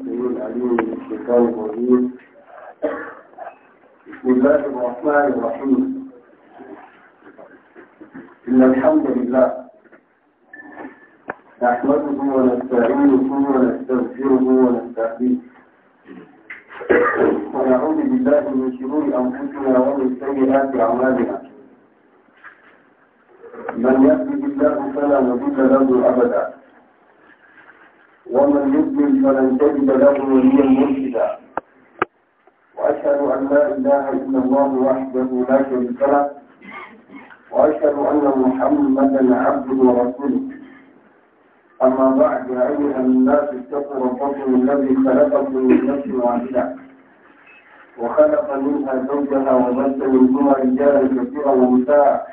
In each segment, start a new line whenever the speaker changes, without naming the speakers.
العليم من الشيطان الرجيم بسم الله الرحمن الرحيم إن الحمد لله نحمده ونستعينه ونستغفره ونستهديه ونعوذ بالله من شرور أنفسنا ومن سيئات أعمالنا من يهده الله فلا مضل له أبدا ومن يضلل فلن تجد له وليا مرشدا واشهد ان لا اله الا الله وحده لا شريك له واشهد ان محمدا عبده ورسوله اما بعد يا ايها الناس اتقوا ربكم الذي خلقكم من نفس واحده وخلق منها زوجها وبث منهما رجالا كثيرا ونساء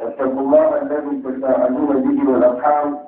واتقوا الله الذي تساءلون به والارحام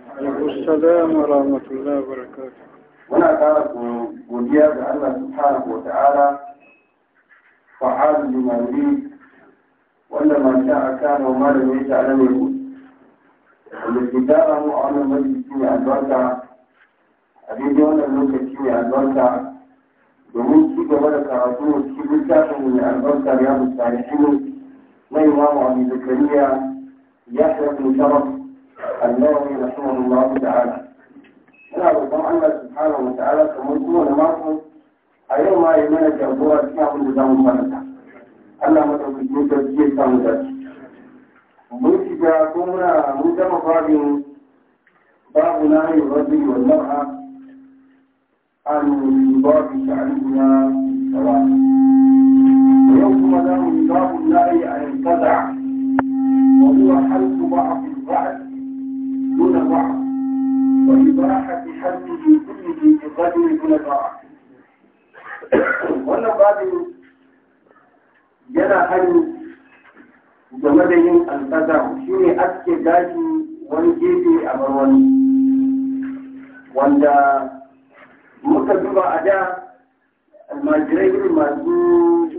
Muna ƙara godiya ga Allah subhanahu wa ta'ala da limani wanda masha a kan wa malamin ta na mai wanda ke tara mu a wannan majalisi mai albarka a daidai wannan lokaci mai albarka domin ci gaba da karatu a cikin littafin mai albarka ya musali na imamu abu zakariya ya shafi sharaf النووي رحمه الله تعالى ونعلم الله سبحانه وتعالى كمجموعة معه أيوم ما يمنى جابورة كامل نظام فرنسا Allah madaukakin sarki ya samu dace. Mun shiga ko muna mun gama babin babu na yi rajuli wal mar'a an babu sha'anina sawa. Yau kuma za mu yi babu na yi a yankaza wa huwa halku ba'a fi ba'ad دون ضعف وإباحة حده كله بقدر دون ضعف wannan babin yana hannu game da yin alƙaza shi ne aske gashi wani gefe a bar wanda muka duba a da almajirai irin masu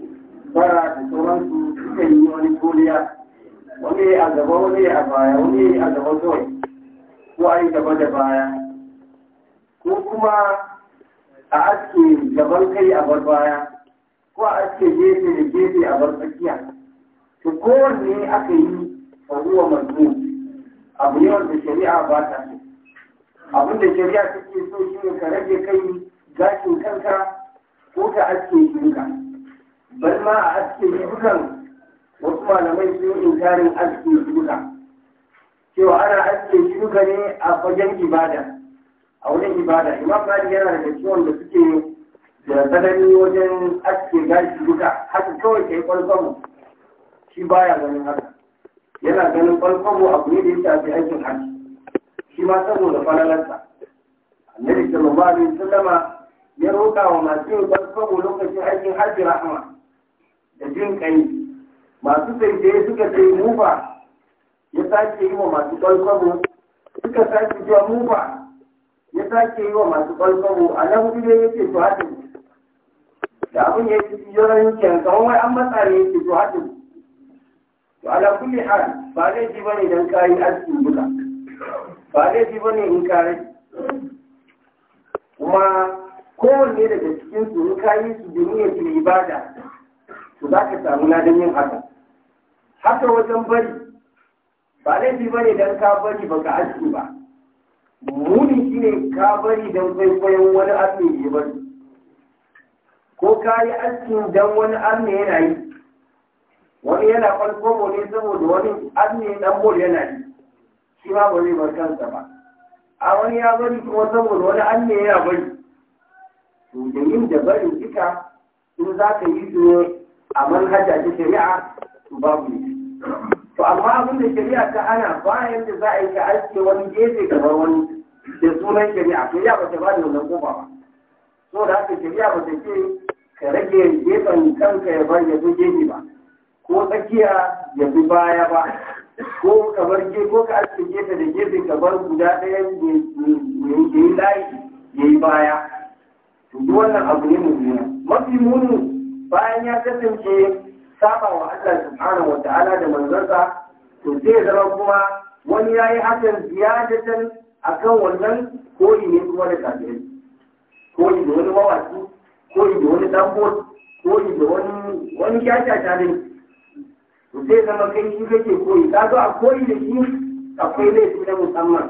bara da sauransu suka yi wani koliya wani a gaba wani a baya wani a gaba kawai ko gaba da baya ko kuma a aske gaban kai a bar baya ko a aske gefe da gefe a bar tsakiya to kowanne aka yi faruwa mazmu abu ne wanda shari'a ba ta so abin da shari'a take so shi ne ka rage kai gashin kanka ko ka aske shinka bar ma a aske dukan wasu malamai sun yi inkarin aske duka cewa ana aske suka ne a fagen ibada a wurin ibada imam malik yana da ciwon da suke da tsanani wajen aske gashi duka haka kawai kai kwalfamu shi baya ganin haka yana ganin kwalfamu abu ne da ya shafi aikin hajji shi ma saboda falalarsa annabi sallallahu alaihi wasallama ya roƙa wa masu yin kwalfamu lokacin aikin hajji rahama da jin kai masu sai suka sai mufa ya sake yi wa masu kwalfamu suka sake zuwa mufa ya sake yi wa masu kwalkwamo a nan gudu ya ce to da abin ya ci yoron kenan kamar wai an matsa ne ya ce to to ala kulli hal ba zai ji ne don kayi aski buka ba zai ba ne in kare kuma kowanne daga cikin su in kayi su domin ya ibada to za ka samu ladan yin haka haka wajen bari ba laifi ba ne don ka bari ka aski ba muni shi ne ka bari don kwaikwayon wani abu ne ba ko ka yi askin don wani abu yana yi wani yana kwalfomo ne saboda wani abu ne dan bol yana yi shi ma ba zai bar kansa ba a wani ya bari kuma saboda wani abu ne yana bari to da yin da barin ita in za ka yi su ne a manhaja ta shari'a to babu ne to amma abin da shari'a ta hana bayan da za a yi ka wani gefe da wani da sunan shari'a shari'a ba ta ba da wannan kofa ba so da haka shari'a ba ta ce ka rage gefen kanka ya bar ya gefe ba ko tsakiya ya bi baya ba ko ka bar gefe, ko ka aske gefe da gefe ka bar guda ɗaya ya yi layi ya yi baya to duk wannan abu ne mummuna mafi munu bayan ya kasance saba wa Allah subhanahu wa ta'ala da manzansa to zai zama kuma wani ya yi hakan ziyadatan akan wannan koyi ne kuma da kafirai koyi da wani mawaki koyi da wani dambot koyi da wani wani shashasha ne to zai zama kai shi kake koyi ka zo a koyi da shi akwai laifi na musamman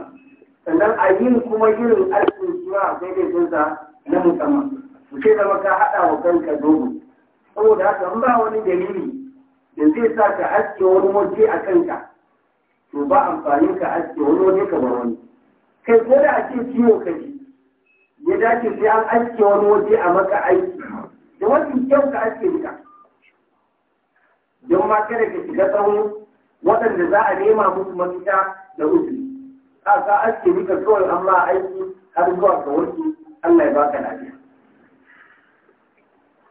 sannan a yin kuma irin aikin shi akwai laifinsa na musamman to zai zama ka haɗa wa kanka dogon. saboda haka ba wani dalili da zai sa ka aske wani waje a kanka to ba amfanin ka aske wani waje ka bar wani kai ko da a ce ciwo ka ji ya dace sai an aske wani waje a maka aiki da wani kyau ka aske duka don ma kada ka shiga tsawon waɗanda za a nema musu mafita da uzuri a ka aske duka kawai amma aiki har zuwa ka wasu Allah ya baka lafiya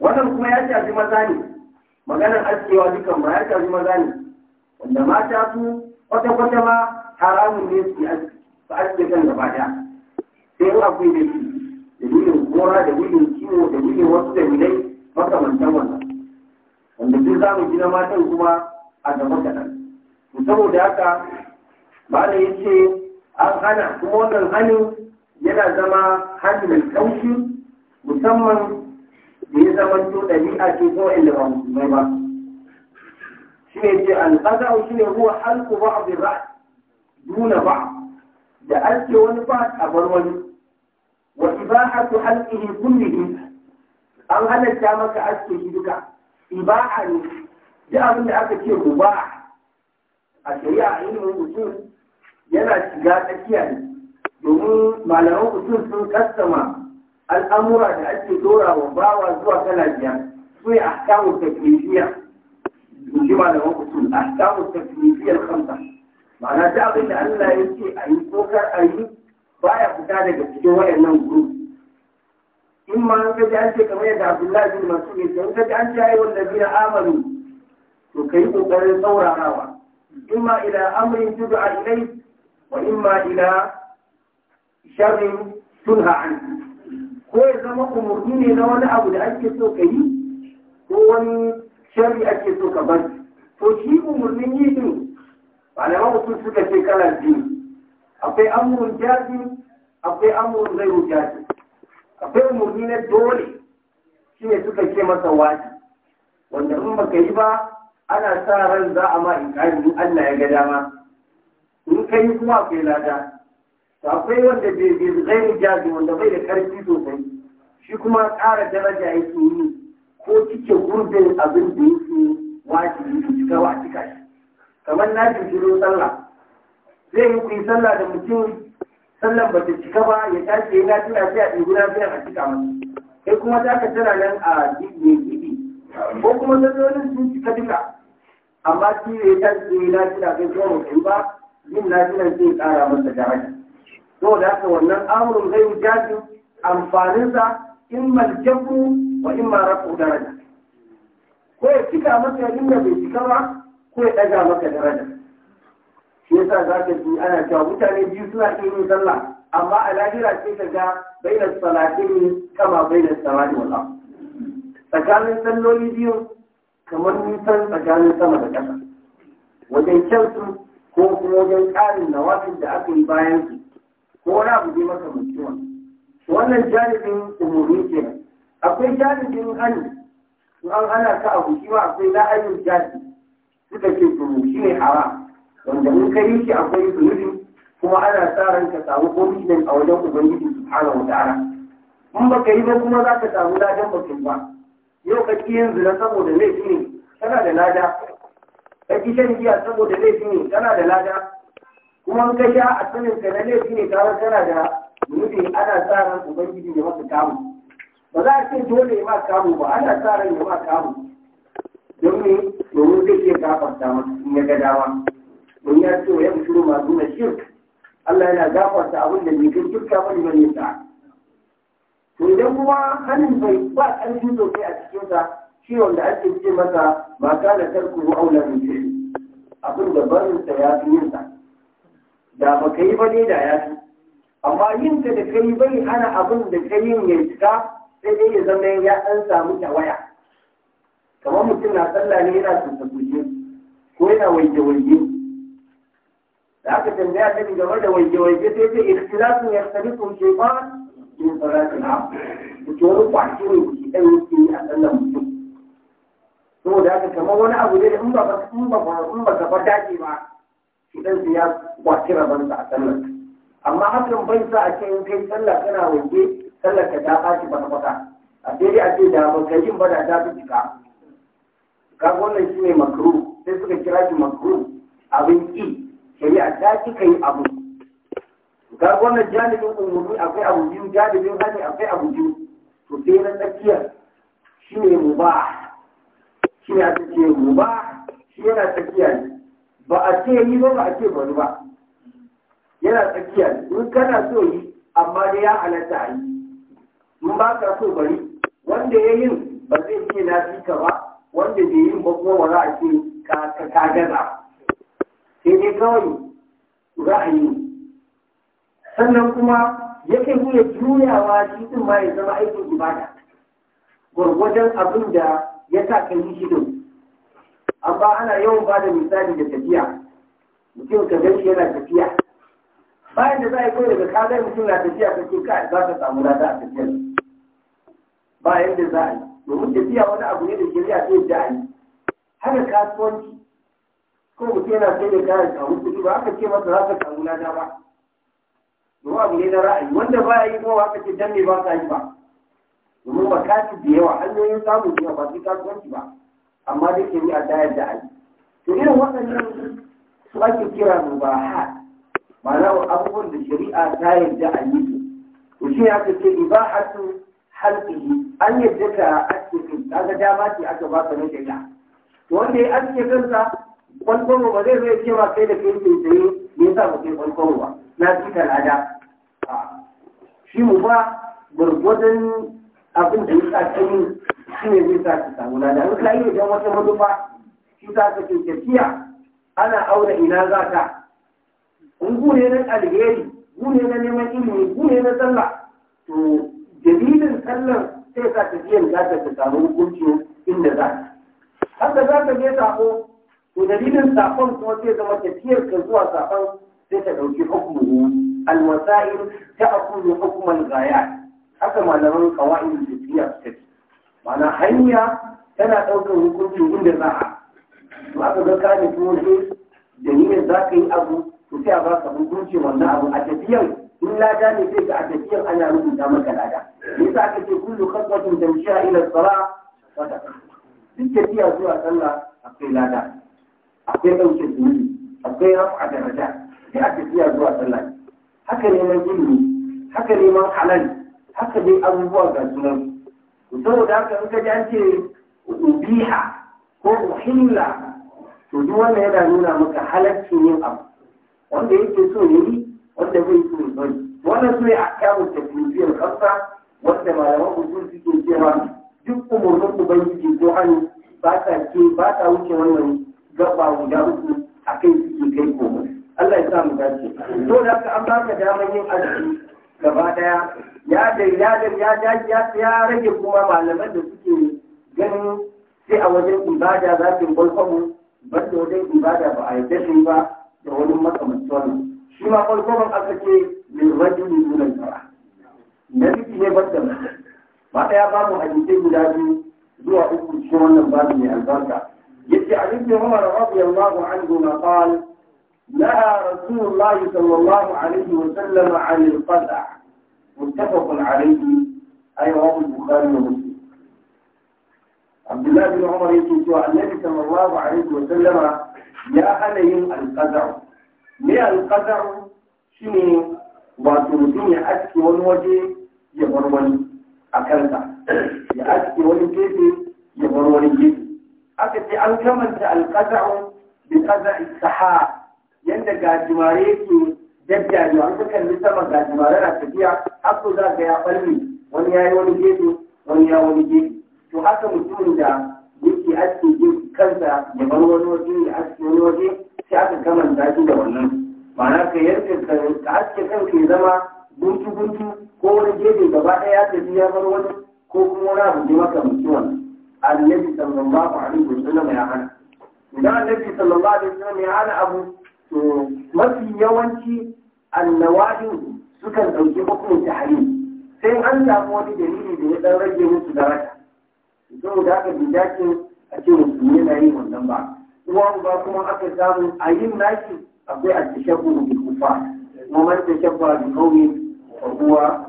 wannan kuma ya shafi maza ne maganar askewa dukan ba ya shafi maza ne wanda mata su kwata-kwata ma haramun ne su yi su aske kan gaba sai in akwai da shi dalilin kora, da dalilin ciwo da dalilin wasu dalilai makamantan wannan wanda duk za mu gina matan kuma a gaba kaɗan saboda haka bala ya ce an hana kuma wannan hannun yana zama hannun kaushi musamman da ya zamanto ɗari ɗabi'a ce ko inda ba musulmai ba shi ne ce alƙaza'u shi ne huwa halku ba abin ra'a duna ba da ake wani ba a bar wani wa ibahatu halqihi kullihi an halatta maka aske shi duka ibaha ne duk abin da aka ce mubaha a shari'a ilimin mutum yana shiga tsakiya ne domin malaman mutum sun kassama al'amura da ake dora wa bawa zuwa kala biyar su ya ahkamu taklifiya ji malaman usul ahkamu taklifiyar khamsa ma'ana ta abin da Allah ya ce a yi ko kar a yi baya fita daga cikin wayannan group in ma ka ji an ce kamar yadda Abdullahi bin masu ne sai in ka ji an ce ayi wallazina amalu to ka yi kokarin saurarawa in ma ila amrin a ilai wa in ma ila sharrin tunha anhu ko ya zama umarni ne na wani abu da ake so ka yi ko wani shari ake so ka bar to shi umarnin yi din da usul suka ce kala biyu akwai amurin jazi akwai amurin zai jazi akwai umarni na dole shi ne suka ce masa waji wanda in baka yi ba ana sa ran za a ma in Allah ya ga dama in ka yi kuma akwai lada akwai wanda bai zai jaji wanda bai da karfi sosai shi kuma ƙara daraja yake yi ko cike gurbin abin da yake wajibi su cika wa cika shi kamar na jiro sallah zai yi kuyi sallah da mutum sallan ba ta cika ba ya tashi ya yi na a ɗin guda fiya a cika ba, sai kuma za ka tara nan a gidi gidi ko kuma sallolin sun cika duka amma shi ya tashi ya yi na fiya kai kuma ba yin lafiya zai ƙara masa daraja da haka wannan amurin zai jazin amfaninsa in maljabu wa in ma rafu daraja ko ya cika maka da bai cika ba ko ya ɗaga maka daraja shi yasa za ka ji ana cewa mutane biyu suna iya sallah amma a lahira sai ka ga baina salatin kama da samani wala tsakanin salloli biyu kamar nisan tsakanin sama da ƙasa wajen kyansu ko kuma wajen ƙarin nawafin da aka yi bayan su ko wani abu dai maka mutuwa wannan janibin umuri kenan akwai janibin an in an ana ka abu shi ma akwai la'ayin janibi suka ce to shi ne haram wanda in yi shi akwai zunubi kuma ana sa ran ka samu komishin a wajen ubangiji subhanahu wa ta'ala in ba ka yi ba kuma za ka samu ladan bakin ba yau ka ƙi yanzu zina saboda laifi ne kana da lada ka ƙi shan giya saboda laifi ne kana da lada kuma ka sha a sanin ka na laifi ne kawai kana da nufi ana sa ran ubangiji ya masa kamu ba za a ce dole ya ma kamu ba ana sa ran ya ma kamu don ne domin zai iya gafarta masa in ya ga dama don ya ce wa ya mutu masu na shirk Allah yana gafarta abin da jikin kai wani ba ne ta to idan kuma hannun bai ba ƙarfi sosai a cikinsa shi wanda ake ce masa ba da tarku aulan min abin da barinsa ya fi yinsa da ba ka yi ba dai da ya fi amma yin ta da kai bai hana abin da ka yin ya cika sai dai ya zama ya ɗan samu waya. kamar mutum na tsalla ne yana tuntun ko yana waje-waje da aka tambaya ta game da waje-waje sai ce ikhtilafin ya tsari kun ce ba in salatu na mutum wani kwashi ne ku kuke ɗan yake a tsallan mutum saboda haka kamar wani abu ne in ba ka in ba ka ba ba idan su ya kwaci rabon a sallar amma hakan bai sa a ce in kai sallah kana waje sallar ka ta fashi ba kwata a sai dai a ce da kai yin ba da ta fi cika kaga wannan shi ne makaru sai suka kira shi makaru abin ki shari'a ta kika yi abu ga wannan janibin umurni akwai abu biyu janibin hali akwai abu biyu to sai na tsakiyar shi ne ba shi ne aka ce ba shi yana tsakiya ne ba a ce yi ba a ce bari ba yana tsakiya in kana so yi amma da ya halatta a yi in ba ka so bari wanda ya yin ba zai ce na fi ka ba wanda bai yi ba kuma ba za a ce ka gaza sai dai kawai ra'ayi sannan kuma kai iya juyawa shi din ma ya zama aikin ibada gwargwadon abin da ya sa ka yi shi amma ana yawan ba da misali da tafiya mutum ka gani yana tafiya bayan da za a yi kawai daga kagar mutum na tafiya ka ce kai za ka samu lada a tafiyar Bayan da za a yi domin tafiya wani abu ne da shari'a ta yadda a yi haka kasuwanci ko mutum yana sai da kayan samu kuɗi ba aka ce masa za ka samu lada ba domin abu ne na ra'ayi wanda ba ya yi kuma aka ce dan me ba ka yi ba domin makasi da yawa hanyoyin samun yawa ba sai kasuwanci ba amma dai ke a yarda a yi to irin waɗannan su ake kira mu ba mubahat ma'ana abubuwan da shari'a ta yarda a yi su to shi ya ce ibahatu halqihi an yarda ka aske kai kaga dama ce aka ba ka na shari'a to wanda ya aske kansa kwalkwaro ba zai zai ma kai da kai ke tsaye me yasa ba kai kwalkwaro ba na ci kalada shi mu ba gwargwadon abin da ya sa ta shi ne zai sa samu samu lada wata yi idan wata manufa shi sa ka ke tafiya ana aure ina za ka in gune na alheri gune na neman ilimi gune na sallah to dalilin sallar sai sa tafiyar za ta samu hukunci inda za ta haka za ka je sako to dalilin sakon kuma sai zama tafiyar ka zuwa sakon sai ta ɗauki hukumu alwasa'il ta akulu hukumar gaya haka malaman kawai da tafiya su tafi mana hanya tana ɗaukar hukuncin inda za a to aka ga kane tuwoje da ni niyyar za ka yi abu to sai a ba ka hukunci wannan abu a tafiyan in lada ne sai ka a tafiyan ana rubuta maka lada Me yasa aka ce kullu khatwatin tamshiha ila sala sadaqa duk tafiya zuwa sallah akwai lada akwai ɗauke zunubi akwai rafu a daraja sai a tafiya zuwa sallah haka neman ilimi haka neman halal haka dai abubuwa ga sunan saboda da aka ka an ce ubiha ko uhilla to duk wannan yana nuna maka halaccin yin abu wanda yake so ya yi wanda bai so ya bari wannan so ya akamu tafiyar kansa wanda malaman usul suke cewa duk umurnin ubangiji ko hannu ba ta ke ba ta wuce wannan gaba guda uku a kai suke kai komai Allah ya sa mu dace to da aka an baka damar yin azumi gaba daya ya da ya da ya ya rage kuma malaman da suke ganin sai a wajen ibada za su balkwamu ban da wajen ibada ba a yadda shi ba da wani makamanci ne shi ma balkwamun aka ce min rajuli dunan tara na biki ne ban da ba daya ba mu hadisai guda biyu zuwa uku cikin wannan babu mai albarka yace a ibn umar radiyallahu anhu ma qala نهى رسول الله صلى الله عليه وسلم عن القزع متفق عليه أي رواه البخاري ومسلم عبد الله بن عمر يقول النبي صلى الله عليه وسلم يا عليهم القزع ليه القزع شنو باطل mutum ya والوجه wani waje ya bar wani a kansa ya aske wani gefe yadda gajimare yake jajjajewa an suka yi sama gajimare na tafiya har su za ga ya ɓalme wani ya yi wani gefe wani ya wani gefe to haka mutumin da yake aske jin kansa ya bar wani waje ya aske wani waje sai aka kamanta shi da wannan ma'ana ka yanka ka aske kanka ya zama guntu guntu ko wani gefe gaba ɗaya ya tafi ya bar wani ko kuma wani abu ne maka mutuwan annabi sallallahu alaihi wasallam ya hana idan annabi sallallahu alaihi wasallam ya hana abu mafi yawanci annawahin sukan ɗauki hukumin hali. sai an samu wani dalili da ya ɗan rage musu daraja don da aka bi dace a ce musulmi yana yin wannan ba Kuma ba kuma aka samu a yin naki akwai a tashabbu bi kufa kuma man da bi a fa wanda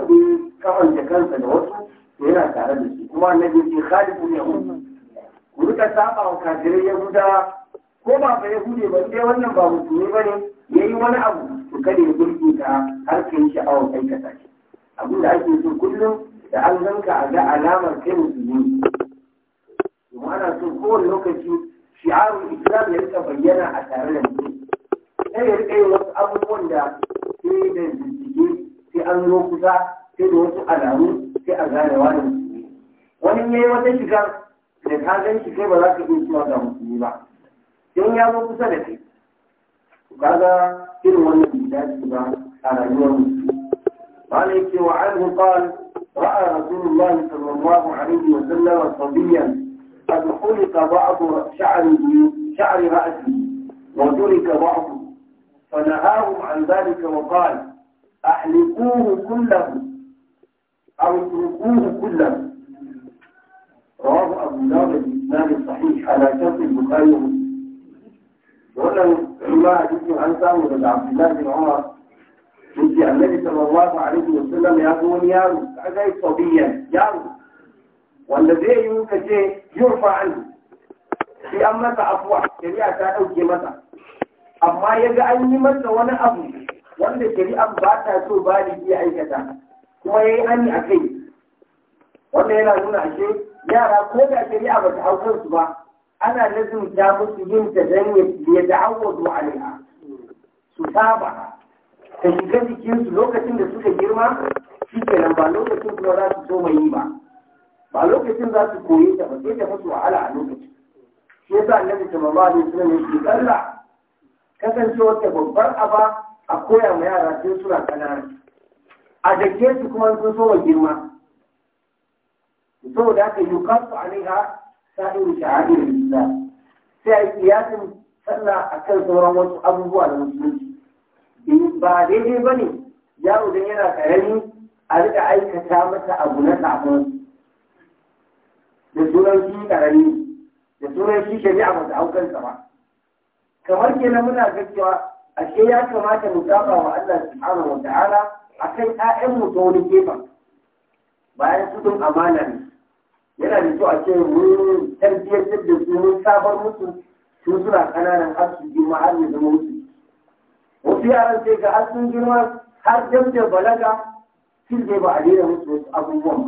ya kawanta kansa da wasu to yana tare da shi kuma na ce khalifu yahud ku rika saba wa kafirai yahudawa ko ba ka yahude ba sai wannan ba musulmi ba ne ya yi wani abu to kada ya burge ta har ka yi sha'awar aikata shi abin da ake so kullum da an zanka a ga alamar kai musulmi domin ana so kowane lokaci shi'arun islam ya rika bayyana a tare da mutum sai ya rika yin wasu abubuwan da sai da bincike sai an zo kusa sai da wasu alamu sai a gane wani musulmi wani ya yi wata shigar da ka gan shi kai ba za ka iya cewa ga musulmi ba don ya zo kusa da kai kaga irin wannan da su ba a rayuwar mu ba ne ke wa anhu qal ra'a rasulullah sallallahu alaihi wa sallam sabiyan قد حلق بعض شعره شعر رأسه وترك بعضه فنهاهم عن ذلك وقال أحلقوه كله أو اتركوه كله رواه أبو داود الإسلام الصحيح على شرط البخاري ومسلم wannan ruwa a cikin an samu daga abdullahi bin umar yake annabi sallallahu alaihi wasallam ya zo wani yaro kaga sabiyan yaro wanda zai yi ka ce yurfa an sai an masa afuwa shari'a ta dauke masa amma ya ga an yi masa wani abu wanda shari'an ba ta so ba ni ya aikata kuma ya yi hani a kai wanda yana nuna ashe yara ko da shari'a ba ta hau kansu ba ana lazumta musu yin ta don ya ta'awwadu alaiha su saba ta shiga jikinsu lokacin da suka girma shi kenan ba lokacin kuma za su soma yi ba ba lokacin za su koyi ta ba sai ta musu wahala a lokacin shi yasa annabi sallallahu alaihi wasallam yake kalla kasance wata babbar aba a koya ma yara tun suna kanana a jake su kuma sun soma girma saboda haka yukasu alaiha sa'in sha'adin lillah sai a kiyasin sallah a kan sauran wasu abubuwa da musulunci ba daidai ba ne yaro don yana karami a rika aikata masa abu na sabon da sunan shi karami da sunan shi shari'a ba ta aukar ba kamar kenan muna gaggawa ashe ya kamata mu saba wa Allah subhanahu wa ta'ala akan ƴaƴan mu ta wani gefen bayan su amana ne yana da kyau a ce mun tarbiyyar da su mun sabon musu su suna kananan har su girma har ya zama mutu wasu yaran sai ga har sun girma har dab balaga sun zai ba a daina musu wasu abubuwan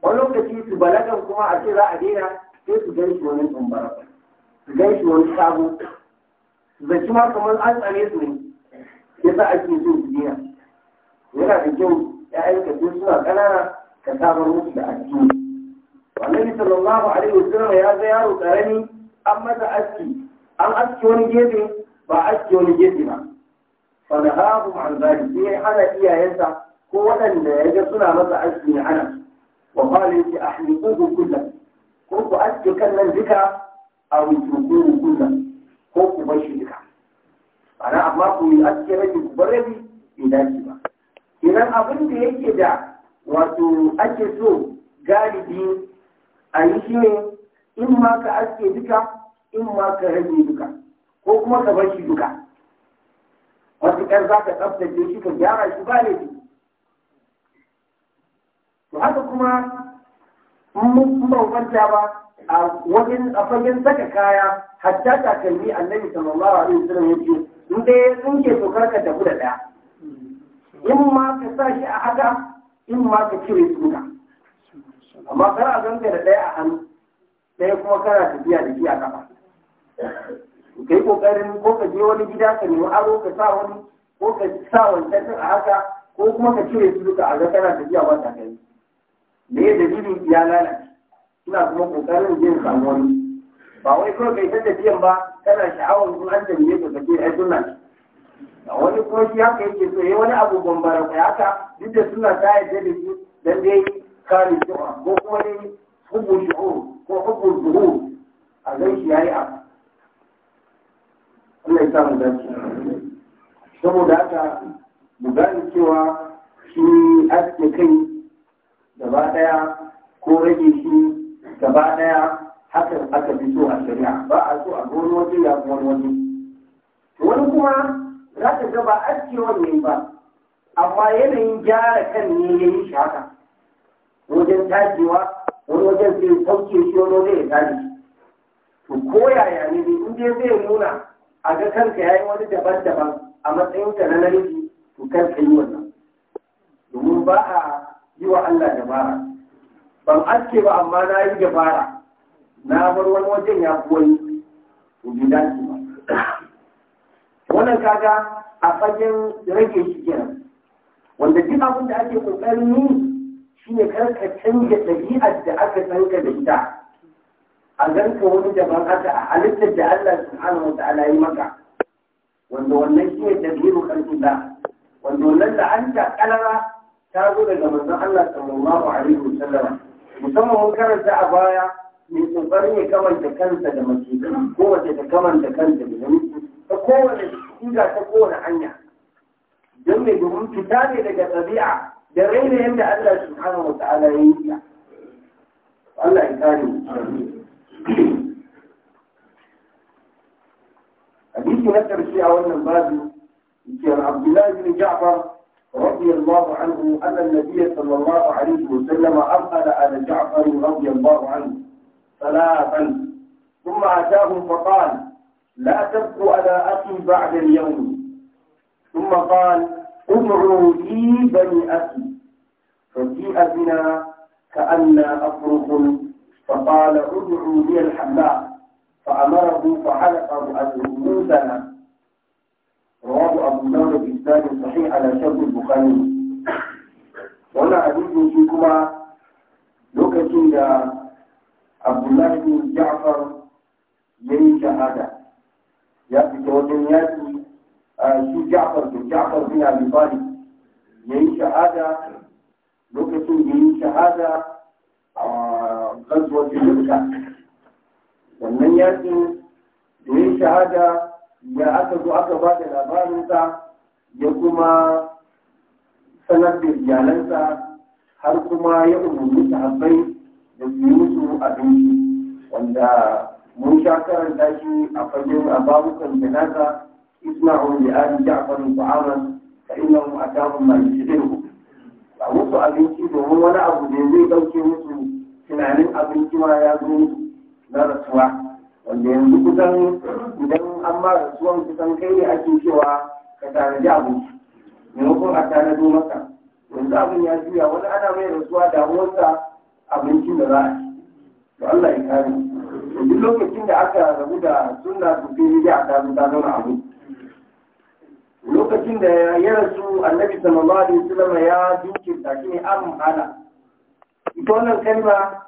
ba wani lokaci su balagan kuma a ce za a daina sai su gan shi wani tsumbara su gan shi wani sabo su zaci ma kamar an tsare su ne ya sa ake so su daina yana da kyau ya sai suna kanana ka sabar musu da addini annabi sallallahu alaihi wasallam ya ga yaro karami an masa aski an aski wani gefe ba aski wani gefe ba fa da hafu an zali sai hana iyayensa ko waɗanda ya ga suna masa aski ne hana wa qala yati ahliquhu kullan ko ku aski kan nan duka a wujuhu kullan ko ku bar shi duka ana amma ku yi aski rabi ku bar rabi bai dace ba kenan abin da yake da wato ake so galibi a yi shi ne in ma ka aske duka in ma ka rage duka ko kuma ka bar shi duka matuƙar za ka tsaftace shi ka gyara shi ba laifi to haka kuma mun kwanta ba a wajen a fagen saka kaya hatta takalmi annabi sallallahu alaihi wasallam ya ce in dai ya tsinke to karka tafi da ɗaya in ma ka sa shi a haka in ma ka cire duka amma kar a ganka da ɗaya a hannu ɗaya kuma kana tafiya da shi a kafa kai kokarin ko ka je wani gida ka nemi aro ka sa wani ko ka sa wancan a haka ko kuma ka cire su duka a ga kana tafiya ba ta kai me ya dalili ya lalace ina kuma kokarin je samu wani ba wai kawai kai ta tafiyan ba kana sha'awar kuma an tafiye ka kace ai sunna ce wani kuma shi haka yake so yi wani abu bambara ka haka duk da suna ta yadda da shi dan dai kare jama'a ko kuma dai hubbul shuhur ko hubbul zuhur a zai shi yayi abu Allah ya samu dace saboda haka mu gane cewa shi aske kai gaba daya ko rage shi gaba daya hakan aka fi so a shari'a ba a so a gona waje ya kuma wani wani kuma za ta ga ba aske wannan ba amma yanayin gyara kan ne ya yi shi haka wajen tajewa wani wajen sai sauke shi wani wajen ya tashi to ko yaya ne in dai zai nuna a ga kanka yayi wani daban-daban a matsayin ka na namiji to kar ka yi wannan domin ba a yi wa Allah dabara ban aske ba amma na yi dabara na bar wani wajen ya fi to bi dace ba wannan kaga a fagen rage shi kenan wanda duk abin da ake kokarin yi shi ne ka canza ɗabi'ar da aka san ka da ita a ganka wani daban haka a halittar da Allah subhanahu wa ta'ala yi maka wanda wannan shi ne tabiru kalkula wanda wannan da an la'anta kalara ta zo daga manzon Allah sallallahu alaihi wa sallama musamman mun karanta a baya mai tsofarin ya kamanta kansa da mace ko wace ta kamanta kanta da namiji ta kowane shiga ta kowane hanya don mai domin fita ne daga ɗabi'a جميل يبدا الله سبحانه وتعالى يبدا الله يكرمه حديث نذكر في اول الباب عن عبد الله بن جعفر رضي الله عنه ان النبي صلى الله عليه وسلم ارسل على جعفر رضي الله عنه ثلاثا ثم اتاهم فقال لا تبقوا على اخي بعد اليوم ثم قال ادعوا لي بني أخي فجيء بنا كأنا أفرغ فقال ادعوا لي الحمام فأمره فحلق a موسى رواه أبو داود بإسناد صحيح على شرط البخاري وأنا حديث shi kuma lokacin da Abdullahi Ja'far ya yi shahada ya fita wajen yaki shi Ja'far bin Ja'far bin Abi Talib ya lokacin da yi shahada a gazuwar jirka wannan yakin da yi shahada ya aka zo aka ba da labarinsa ya kuma sanar da iyalansa har kuma ya umarni sahabbai da su yi musu abinci wanda mun sha karanta shi a fagen ababukan janaza isma'u li ali ja'far a fa innahum atahum ma yashdiruhu ba musu abinci domin wani abu da zai dauke musu tunanin abinci ma ya zo na rasuwa wanda yanzu kusan idan an ba rasuwan kusan kai ne ake cewa ka tanadi abinci maimakon a tanado maka yanzu abin ya juya wani ana mai rasuwa damuwarsa abincin da za a ci to Allah ya kare duk lokacin da aka rabu da sunna to sai ya ta zo ta abinci lokacin da ya rasu annabi sallallahu alaihi wasallam ya da shi ne an hana ita wannan kalma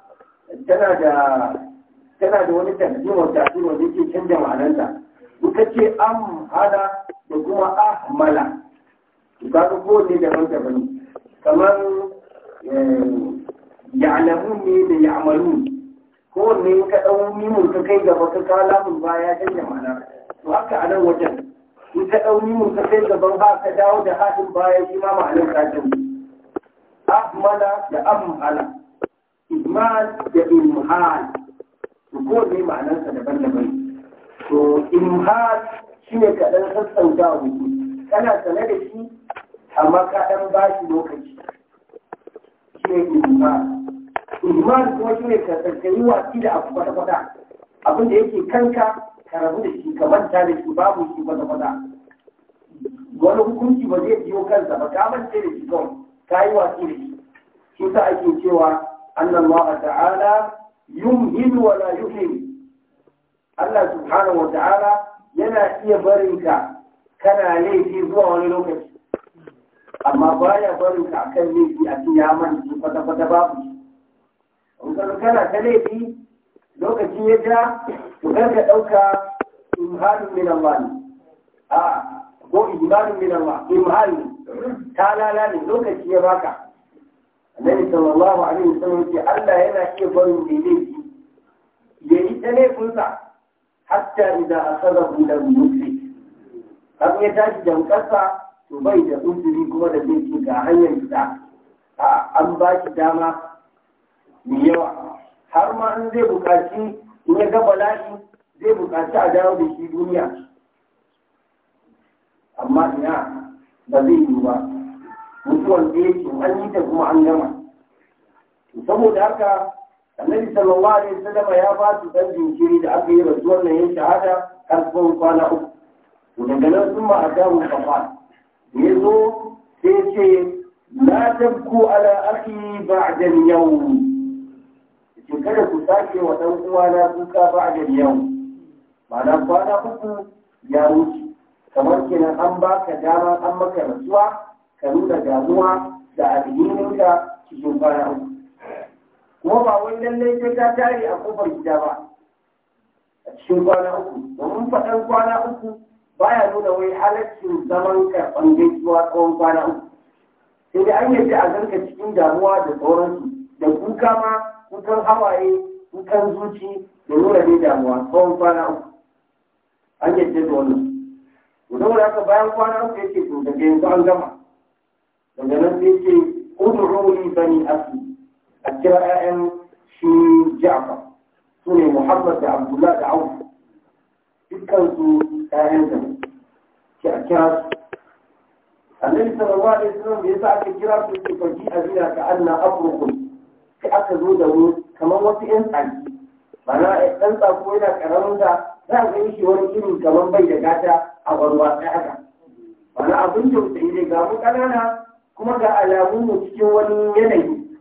tana da tana da wani tafsir wa tafsir wanda yake canja ma'anarta duka ce an hala da kuma ahmala ka ga ne da wanda bane kamar eh, ya'lamun ne da ya'malun kowanne ka dau mimun ka kai gaba ka kawo mun baya canja ma'ana to haka a nan wajen in ka ɗauni mun ka sai gaban ba ka dawo da haɗin bayan shi ma ma'anar kajin ahmala da amhala ijmal da imhal to ko ne ma'anarsa daban-daban to imhal shi ne ka ɗan sassauta hutu kana sane da shi amma ka ɗan ba shi lokaci shi imhal imhal kuma shi ne ka tsarkari wasi da abu kwata-kwata abin da yake kanka ka rabu da shi ka manta da shi babu shi maza maza wani hukunci ba zai biyo kansa ba ka manta da shi kawai ka yi watsi da shi shi sa ake cewa annan ma'a ta'ala yumhin wa la yuhin Allah subhanahu wa ta'ala yana iya barin ka kana laifi zuwa wani lokaci amma baya barin ka akan laifi a cikin yaman shi kwata-kwata babu shi. Kana ta laifi lokaci ya ja Ku kar ka ɗauka imhalin min Allah ne a ko imhalin min Allah imhalin ta ne lokaci ya baka annabi sallallahu alaihi wasallam ce Allah yana iya barin da laifi ya yi ta laifinsa hatta idan asabahu hudar yusrik har ya tashi jankarsa to bai da uzuri kuma da zai ga hanyar fita an ba shi dama mai yawa har ma an zai buƙaci in ya ga bala'i zai bukaci a dawo da shi duniya amma ina ba zai yi ba mutuwan da ce, an yi ta kuma an gama saboda haka annabi sallallahu alaihi wasallam ya ba su dan jinkiri da aka yi rasu wannan yin shahada har kwana uku daga nan sun ma a dawo kafa da ya zo sai ce la tabku ala akhi ba'da al-yawm kada ku sake wa ɗan uwa na kuka ba a yau ma'ana kwana uku ya wuce kamar kenan an baka dama an maka rasuwa ka nuna damuwa da addininka cikin kwana uku kuma ba wai lallai sai ka tare a kofar gida ba a cikin kwana uku domin faɗan kwana uku baya nuna wai halaccin zaman karɓan gaisuwa tsawon kwana uku sai dai an yadda a garka cikin damuwa da sauransu da kuka ma Kutan hawaye kutan zuci da nuna ne damuwa tsawon kwana uku an yadda da wannan saboda haka bayan kwana uku yake to daga yanzu an gama daga nan sai ce ud'u bani asu a kira 'ya'yan shi jafa su ne muhammad da abdullah da auf dukkan su 'ya'yan da ke a kira su annabi sallallahu alaihi wasallam ya yasa aka kira su ke faji azina ka anna abrukun sai aka zo da wuri kamar wasu 'yan tsaki mana ɗan tsako yana ƙaramin da za a gani shi wani irin kamar bai da gata a barwa ta haka mana abin wuce ne ga mu ƙanana kuma ga alamun mu cikin wani yanayi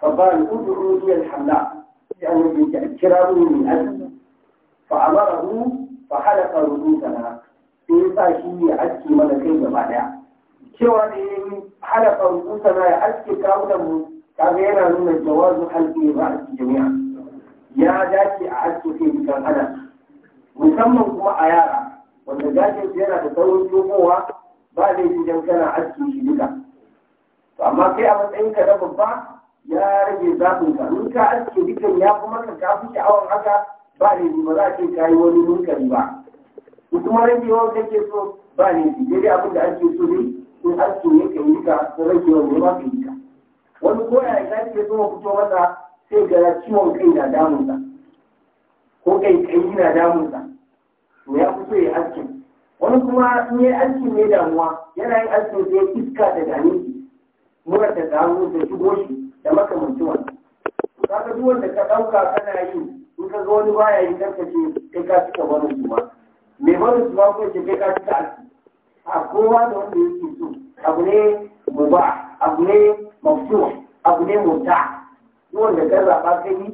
fabal ud'u ni alhamla sai annabi ya kira mu min azmi fa amarahu fa halaka rudukana sai ya sa shi ya aske mana kai gaba ɗaya. cewa da yi halaka rudukana ya aske kawunan mu kaga yana nuna jawazu halki ba a cikin jami'a ya dace a aske kai bikan ana musamman kuma a yara wanda gashin su yana da saurin tsohowa ba laifi dan kana aske shi duka amma kai a matsayin ka na babba ya rage zafin ka in ka aske dukan ya fi maka ka fi sha'awar haka ba laifi ba za a ce ka yi wani nunkari ba kuma rage yawan kake so ba laifi daidai abin da ake so ne in aski ne ka yi ka rage yawan ne ba ka yi wani koya ya ke zo fito masa sai ga ciwon kai na damunsa ko kai kai na damunsa to ya fito ya aski wani kuma in yi aski ne damuwa yana yin aski sai iska da dani mura da damu da shigo shi da makamancin wannan kaga duk wanda ka ɗauka kana yi in ka ga wani baya yi karka ce kai ka cika wani suma mai wani suma ko ce kai ka cika aski a kowa da wanda yake so abu ne mu ba abu ne mafso abu ne mota da gaza ba ka yi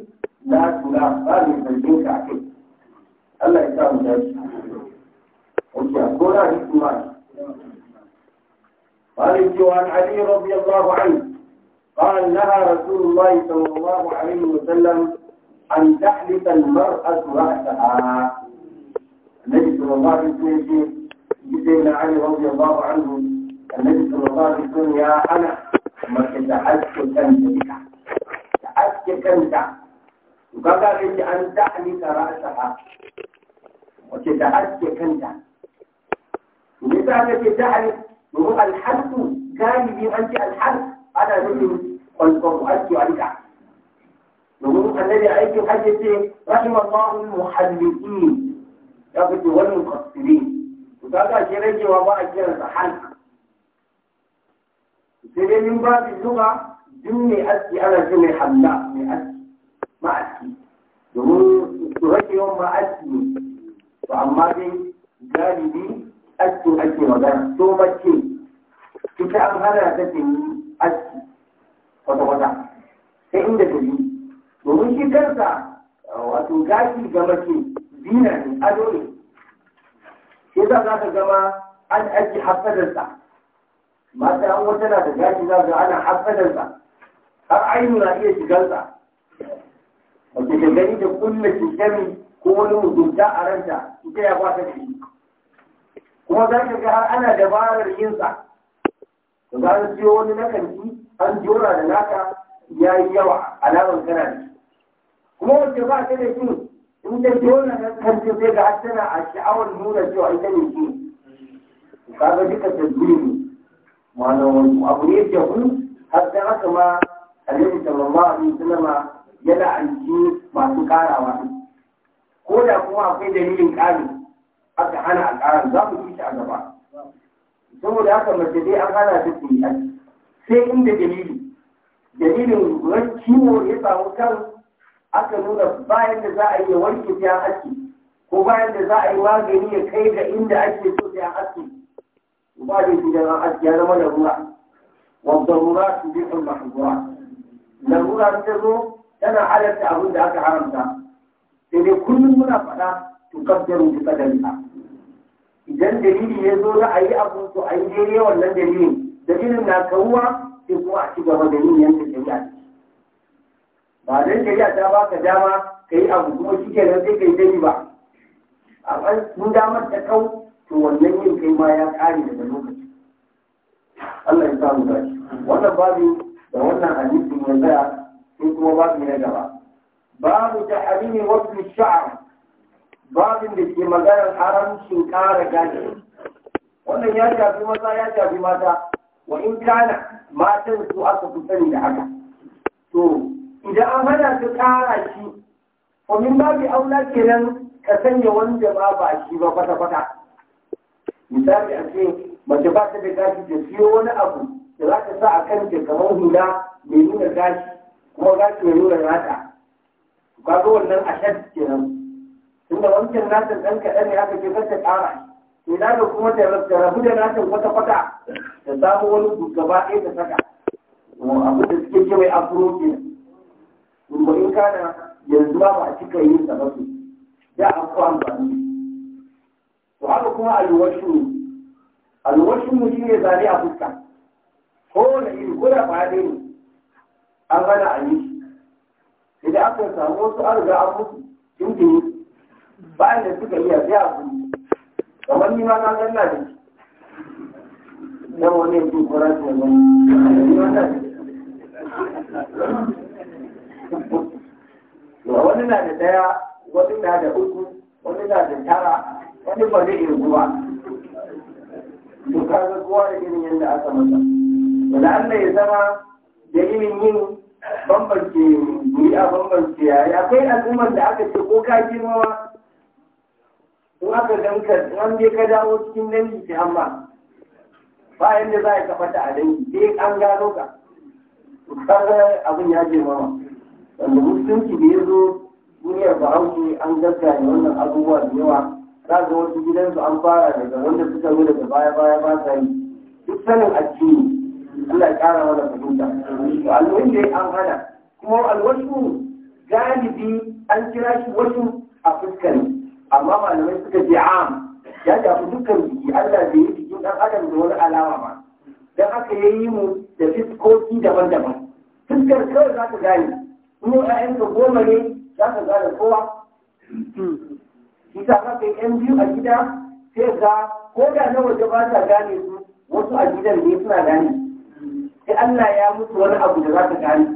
na tura ba mai zargin ka Allah ya sa mu dace ok ko na yi kuma قال عن علي رضي الله قال نهى رسول الله صلى الله عليه وسلم أن تحلف المرأة رأسها النبي صلى الله عليه وسلم سيدنا علي رضي الله عنه النبي صلى الله عليه وسلم يا أنس kuma ka ta'aske kanka ta'aske kanka to kaga kace an ta'ani ka ra'saha wace ta'aske kanta ne za ka ce ta'ani domin alharku galibi an ce alharku ana nufin kwankwanku aski wanka domin annabi aikin hajji ce rahimallahu muhalliqin ya fito wani muqassirin to kaga shi ragewa ba a kiransa halka sai dai min babin luga duk mai aski ana ce mai halla mai aski ma aski. domin su rage yawan aski ne to amma dai galibi aski ake magana to mace ita an hana ta ce aski kwata-kwata sai inda ta yi domin shi kansa wato gashi ga mace zina ne ado ne shi za ka gama an aji hafadarsa mata an wata na da gashi za ga ana hasadansa har ainu na iya shigarsa. wace da gani da kulle shigami ko wani mugunta a ranta ita ya kwasa da shi kuma za ka ga har ana dabarar yinsa da za ka siyo wani na kanti an jora da naka ya yi yawa alamar kana da shi kuma wacce ba ta da shi in ta jona na kanti sai ga har tana a sha'awar nuna cewa ita ne shi ka ga duka tasbihi ma'ana abu ne da hu har da haka ma annabi sallallahu alaihi wasallam yana anci masu karawa ko da kuma akwai dalilin ƙarin aka hana a ƙarin za mu shi a gaba saboda haka mace dai an hana ta ta sai inda dalili dalilin wani ciwo ya samu kan aka nuna bayan da za a yi wanke ta aski ko bayan da za a yi magani ya kai ga inda ake so ta aski ba da shi da aski ya zama larura wa darura su bi kun mahdura larura zo tana halarta abin da aka haramta sai dai kullum muna faɗa to kaddaru bi kadarika idan dalili ya zo na a yi abu to a yi daidai wannan dalilin dalilin na kawuwa sai kuma a ci gaba dalilin yanka shari'a ba dan shari'a ta baka dama ka yi abu kuma shi kenan sai ka yi dani ba a mun damar ta kau to wannan yin kai ma ya kare daga lokaci Allah ya samu gashi wannan babu da wannan hadisi ya tsaya sai kuma babu na gaba babu ta halini wasu sha'ar babin da ke maganar haramcin kara gani wannan ya shafi maza ya shafi mata wa in kana matan su aka fi sani da haka to idan an hana su kara shi ko min babu aula kenan ka sanya wanda ba ba shi ba kwata-kwata misali a ce mace ba ta da gashi ta siyo wani abu da za ta sa a kan ta kamar hula mai nuna gashi kuma gashi mai nuna rata. Ka ga wannan nan. kenan tunda wancan nata ɗan kaɗan ne aka ke kar ta ƙara ina da kuma ta rabu da nata wata kwata ta samu wani gaba ɗaya ta saka abin da suke ce mai afro ke in ba in kana yanzu ba ba a cika yin sa ba su da an ba amfani to haka kuma alwashu alwashu mu shine zane a fuska ko na iri ko da ba ne an gana a yi idan aka samu wasu an riga an mutu yi bayan da suka iya sai a kuma kamar nima ma na ganna da shi na wani yanzu kura su yanzu ni ma na wani na da daya wani na da uku wani na da tara wani ba zai iya zuwa to kowa da irin yadda aka masa Wani Allah ya zama da irin yin bambance duniya bambance yi akwai al'ummar da aka ce ko ka girmama in aka in an bai ka dawo cikin dangi ki amma ba yadda za a kafa ta a dangi sai an gano ka ga abin ya mawa wanda musulunci da ya zo duniyar bahaushe an gaggaya wannan abubuwa da yawa za ga wasu gidansu an fara daga wanda suka yi daga baya baya ba sa yi duk sanin addini Allah ya ƙara mana fahimta to alwin da an hana kuma alwashu galibi an kira shi wasu a fuskan amma malamai suka ji am ya shafi dukkan jiki Allah bai yi jikin ɗan adam da wani alama ba don haka ya yi mu da fiskoki daban-daban fuskar kawai za ka gane mu 'ya'yanka goma ne za ka gane kowa ita haka yan biyu a gida sai ga ko da na waje ba ta gane su wasu a gidan ne suna gane sai Allah ya mutu wani abu da za ka gane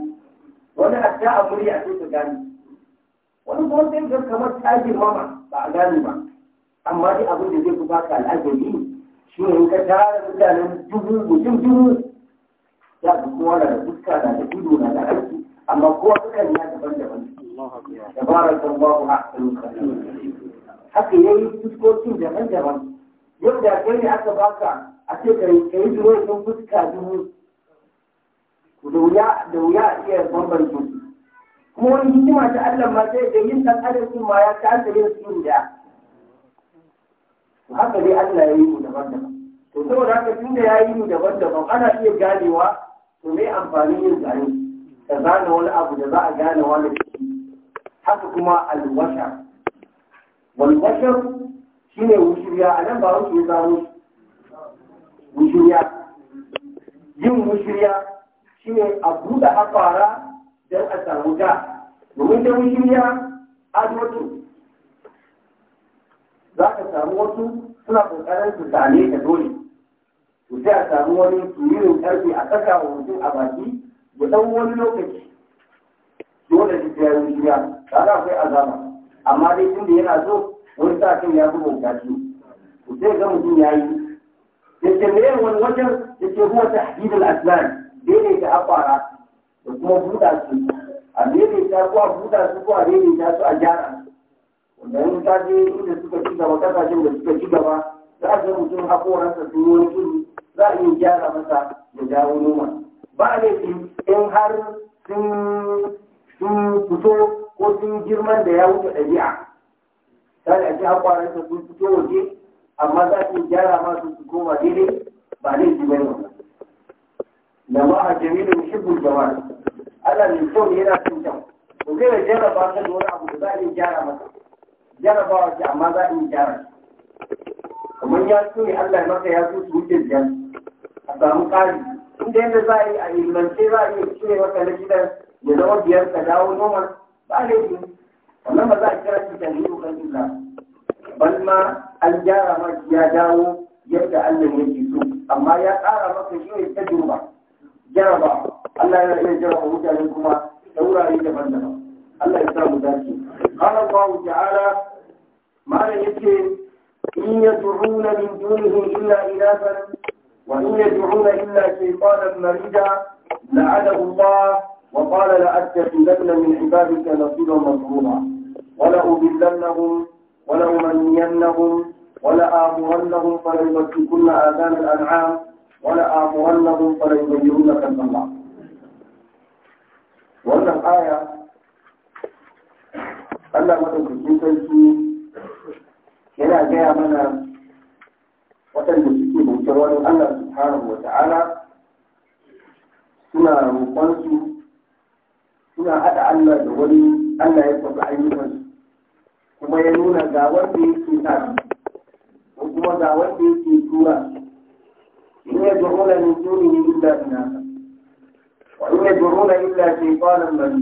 wani adda a murya sai ka gane wani ko sai ga kamar tajin mama ba a gane ba amma dai abin da zai fi baka al'ajabi shi ne ka tara mutanen dubu mutum dubu za ku kuma da fuska na da ido na da aiki amma kowa yi ya daban-daban. Tabarakallahu ahsanul khaliqin. haka ya yi fuskokin daban-daban yau da kai ne aka baka a ce ka yi duro sun fuska dubu da wuya da wuya a iya bambance kuma wani hikima ta Allah ma sai da yin dan adam sun ma ya ta asali su da to haka dai Allah ya yi mu daban-daban to saboda haka tunda ya yi mu daban-daban ana iya ganewa to me amfanin yin zane ka gane wani abu da za a gane wani haka kuma alwashar والبشر شنو وشريا أنا بعرف شو زاوش وشريا yin wushirya shi ne a buɗe afara don a samu ga domin da wushirya adotu za ka samu wasu suna ƙoƙarin su same ka dole to sai a samu wani turin ƙarfi a ƙasa wa mutum a baki da ɗan wani lokaci dole shi ya wushirya kaga akwai azama amma dai tun da yana so wani kan ya fi bauta shi zai sai ga mutum ya yi da yin wani wajen da ke huwa tahdidul daidai daidaita akwara da kuma buɗa su a daidaita ko a buɗa su ko a daidaita su a gyara wanda yin ta je inda suka ci gaba kasashen da suka ci gaba za a ga mutum haƙoransa sun yi wani iri za a iya gyara masa da dawo noma ba a laifin in har sun fito ko sun girman da ya wuce ɗabi'a ta da ake hakwaran da sun fito waje amma za su gyara ma su koma daidai ba su ba ne da ma a jami'in muhibbul jama'a Allah ne kyau ne yana son kyau to zai da jarraba ka da wani abu da za a iya gyara masa jarrabawa ce amma za a iya gyara kamar ya so ne Allah ya maka ya so su wuce biyar a samu ƙari inda yadda za a yi a ilmance za a iya cire maka na gidan ya zama biyar ka dawo normal ba wannan ba za a kira shi tanhiru kan illa bal ma an gyara ma ya dawo yadda Allah yake so amma ya ƙara maka shi ta jurba jaraba Allah ya iya jaraba mutane kuma da wurare daban-daban Allah ya samu dace qala Allah ta'ala malam yace in yad'una min dunihi illa ilahan wa in yad'una illa shaytanan marida la'anahu Allah وقال لأتخذن من عبادك نصيبا مظلوما ولأضلنهم ولأمنينهم ولآمرنهم فليبتكن آذان الأنعام ولآمرنهم فليغيرن خلق الله wannan aya Allah madaukakin sarki yana gaya mana waɗanda suke bautar wani Allah subhanahu wa ta'ala suna roƙonsu suna haɗa Allah da wani Allah ya kwafi ayyukansu kuma ya nuna ga wanda yake sa ko kuma ga wanda yake tura in ya ni tuni ni illa inasa wa in ya duruna illa shaytanan marida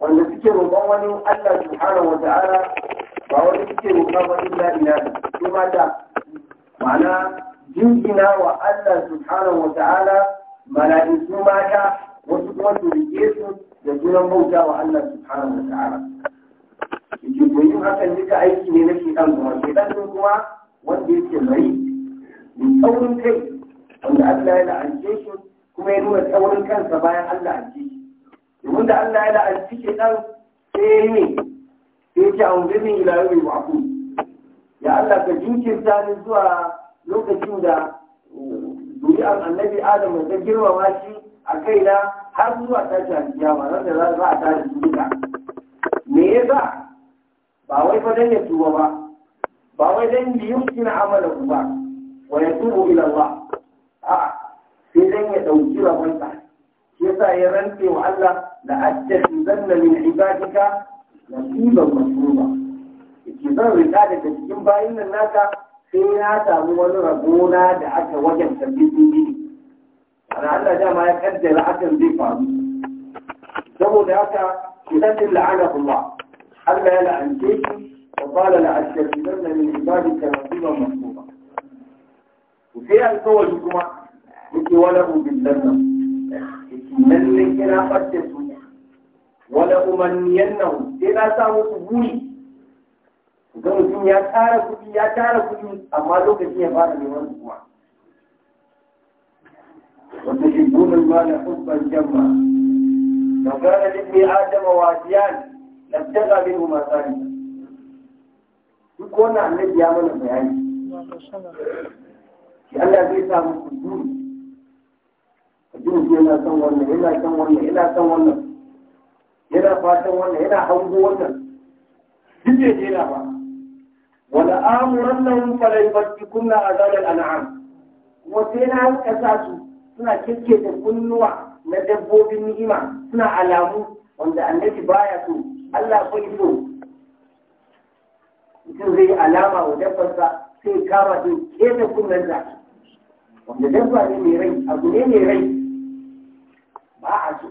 wanda suke roƙon wani Allah subhanahu wa ta'ala ba wani suke roƙon wani illa inasa su mata ma'ana jinkina wa Allah subhanahu wa ta'ala mala'iku mata wasu kuma su rike su da sunan bauta wa Allah subhanahu wa ta'ala yake to yin hakan duka aiki ne na shedan kuma shedan din kuma wanda yake mai mai tsaurin kai wanda Allah ya la'ance shi kuma ya nuna tsaurin kansa bayan Allah an ci domin wanda Allah ya la'ance shedan sai ya yi ne sai ya ce a wanzibin ila yau mai ba'aku ya Allah ka jinkirta ni zuwa lokacin da eh, zuri'ar annabi Adam da girmama shi a kaina har zuwa tashi a jiya ba da za a tashi duniya me yasa ba wai fa dan ya tuba ba ba wai dan bi yumkin amalahu ba wa yatubu ila Allah a sai dan ya dauki rabon sa yasa ya rantse wa Allah la attakhizanna min ibadika nasiban masruba ki zan rika daga cikin bayin nan naka sai na samu wani rabona da aka wajen tabbiti ana Allah dama ya kaddara hakan zai faru saboda haka kidatin kuma. Allah ya la'ance shi وقال لأشهدن من عبادك نصيبا مفروضا وفي الكوج كما yake wala ubin lannan lallai kira ɓarce su wala umarniyan nan sai na sa musu buri ga mutum ya tara kuɗi ya tara kuɗi amma lokacin ya fara neman su kuma المال حبا جما لو كان لابن آدم واديان لابتغى منهما ثالثا يكون النبي يا من بيان shi Allah zai sa muku duru duru yana son wannan yana son wannan yana son wannan yana fatan wannan wannan duk yana ba wala amuran lahum fala yufakkikun azab al an'am su suna da kunnuwa na dabbobin ni'ima suna alamu wanda annabi baya so Allah bai so mutum zai alama wa dabbarsa sai kama din keta kunnensa wanda dabba ne mai rai abu ne mai rai ba a so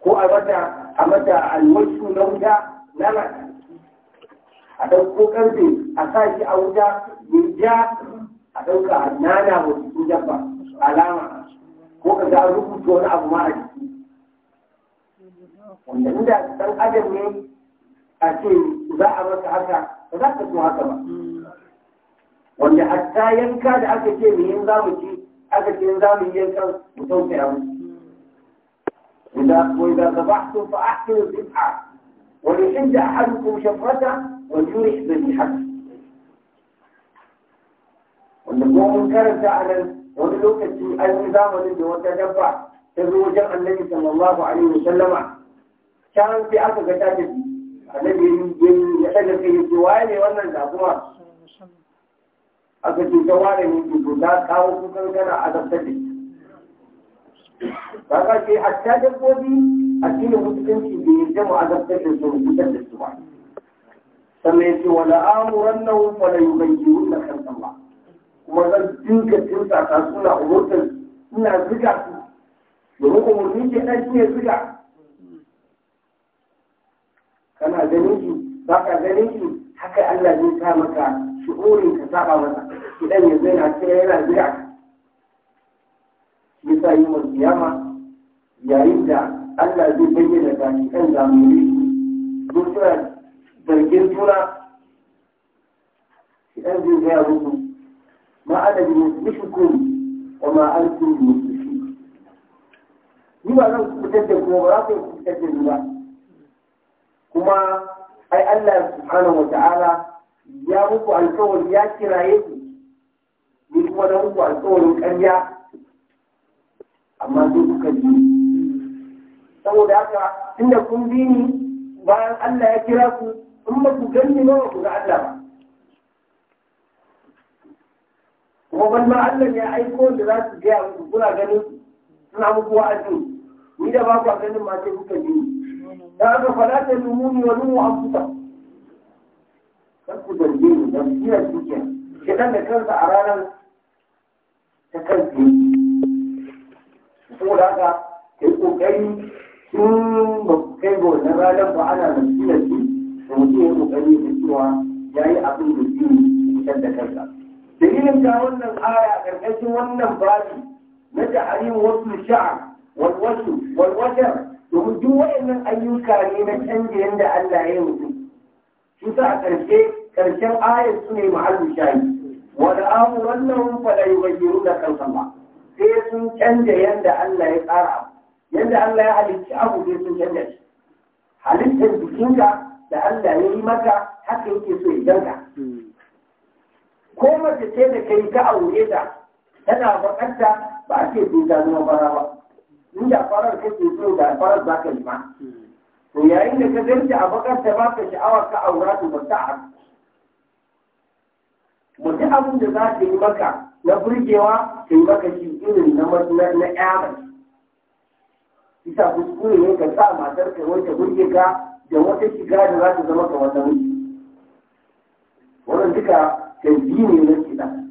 ko a mata a mata alwasu na wuta na a ɗauko ƙarfe a sa shi a wuta mai ja a ɗauka a nana wa jikin dabba alama ko ka ga an rubuta wani abu ma a jiki wanda inda ɗan adam ne a ce za a masa haka ba za ka so haka ba wanda hatta yanka da aka ce mu yin za mu ci aka ce yin za mu yi yankan mu tausaya mu إذا وإذا ذبحتم فأحسنوا الذبحة وليحد أحدكم شفرته وليرح ذبيحته wanda mun karanta a nan wani lokaci an yi zamanin da wata dabba ta zo wajen annabi sallallahu alaihi wa sallama can sai aka ga ta tafi annabi ya daga kai ya ce waye ne wannan da kuma aka ce ta ware ne ke ta kawo kukan gana a zaftar da kaga ce hatta dabbobi a cikin mutunci da ya jama a zaftar da su mutar da su ba sannan ya ce wala amuran nan wala yubayyiru na kan Allah kuma zan dinga tinsa ta suna umurtan ina ziga su domin umurni ke ɗan shi ne ziga kana ganin shi ba ka ganin shi haka Allah ne sa maka shi'urin ka saba masa idan ya zai na cewa yana ziga Ya yasa yi wa kiyama yayin da Allah zai bayyana da shi kan zamuri duk suna zargin juna shi ɗan zai gaya rukun. ma ana bi mushrikun wa ma antum bi ni ba zan fitar da kuma ba za ku fitar da ni kuma ai Allah subhanahu wa ta'ala ya muku alkawari ya kiraye ku ni kuma na muku alkawarin ƙarya amma sai kuka saboda haka tunda kun bi ni bayan Allah ya kira ku in ba ku gani ba ku ga Allah ba kuma ma Allah ne aiko da za su gaya musu kuna ganin suna muku wa'azi ni da ba ku a ganin mace kuka ji da aka fada ta lumuni wa lumu an fusa kan ku zarge ni da kira dukiya shekan da kansa a ranar ta kansa saboda haka ka yi kokari sun ba ku kai ga wannan ranar ba ana nasiya ci da mutum ya kokari da cewa ya yi abin da zai da kansa dalilin ta wannan aya ƙarƙashin wannan babi na tahrim wasu sha'a wal wasu wal wajar domin duk wayannan ayyuka ne na canje yadda Allah ya yi mutum shi sa a karshe ayar su ne mahallu shayi wannan wal amrunahum fala yughayyiruna khalqa sai sun canja yadda Allah ya tsara yadda Allah ya halicci abu sai sun canja shi halittar jikinka da Allah ya yi maka haka yake so ya danka hmm. ko mace ce da kai ta aure ta tana bakanta ba ke so ta zama bara ba in da farar ke so da farar za ka yi ma to yayin da ka zanta a bakanta ba ka sha'awa ka aura to ba ta mutum abin da za ta yi maka na burgewa ta yi maka shi irin na na ƴamai bisa kuskure ne ka sa matar ka wata burge ka da wata shiga da za ta zama ka wata wuce wannan duka تنزيني من الكتاب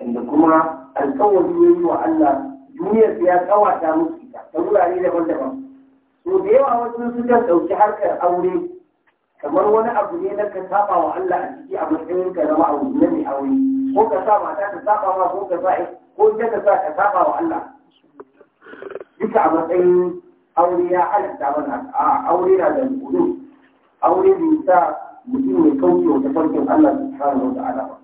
عندكما الأول يجي وأن دنيا فيها قوى تامس كتاب تقول عليه لبن لبن so da yawa wasu suka ɗauki harkar aure kamar wani abu ne na ka saba wa Allah a ciki a matsayin ka zama aure na mai aure ko ka sa mata ka saba ma ko ka sa ko ita ka sa ka saba wa Allah duka a matsayin aure ya halatta mana a aure na da aure bai sa mutum mai kauce wa tafarkin Allah subhanahu wa ta'ala ba